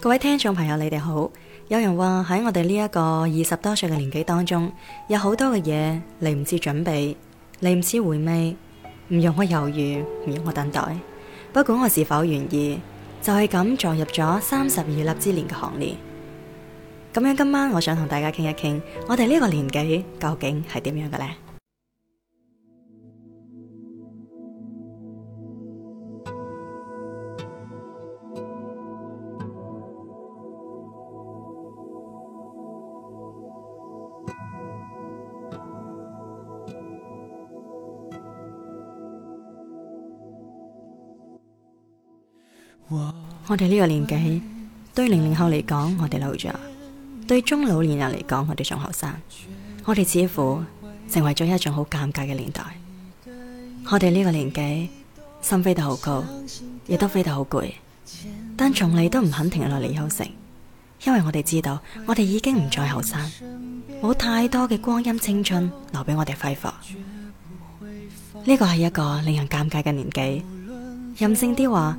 各位聽眾朋友，你哋好。有人話喺我哋呢一個二十多歲嘅年紀當中，有好多嘅嘢嚟唔切準備，嚟唔切回味，唔容我猶豫，唔容我等待。不管我是否願意，就係咁撞入咗三十而立之年嘅行列。咁樣今晚我想同大家傾一傾，我哋呢個年紀究竟係點樣嘅咧？Wow，我哋呢個年紀，對零零後嚟講，我哋老咗；對中老年人嚟講，我哋仲後生。我哋似乎成為咗一種好尷尬嘅年代。我哋呢個年紀，心飛得好高，亦都飛得好攰，但從嚟都唔肯停落嚟休息，因為我哋知道，我哋已經唔再後生，冇太多嘅光陰青春留俾我哋揮霍。呢個係一個令人尷尬嘅年紀。任性啲話，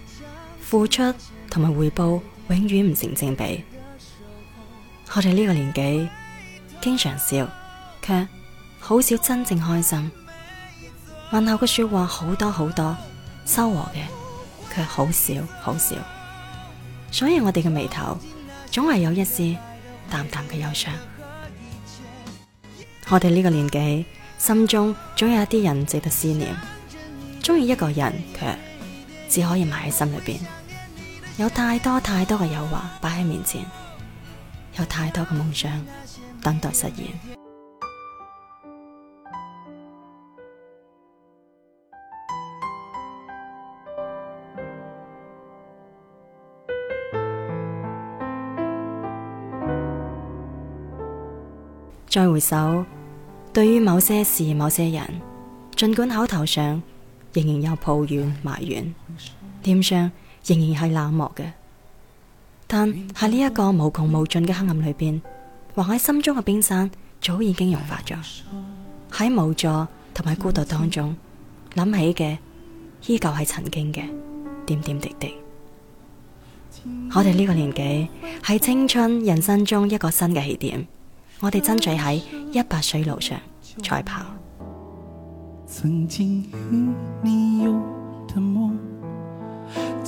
付出同埋回報永遠唔成正比。我哋呢個年紀經常笑，卻好少真正開心。問候嘅說話好多好多，收穫嘅卻好少好少。所以我哋嘅眉頭總係有一絲淡淡嘅憂傷。我哋呢個年紀心中總有一啲人值得思念，中意一個人，卻只可以埋喺心裏邊。有太多太多嘅誘惑擺喺面前，有太多嘅夢想等待實現。 再回首，對於某些事、某些人，儘管口頭上仍然有抱怨、埋怨、添上。仍然係冷漠嘅，但喺呢一個無窮無盡嘅黑暗裏邊，橫喺心中嘅冰山早已經融化咗。喺無助同埋孤獨當中，諗起嘅依舊係曾經嘅點點滴滴。我哋呢個年紀係青春人生中一個新嘅起點，我哋爭取喺一百歲路上賽跑。曾經有你的夢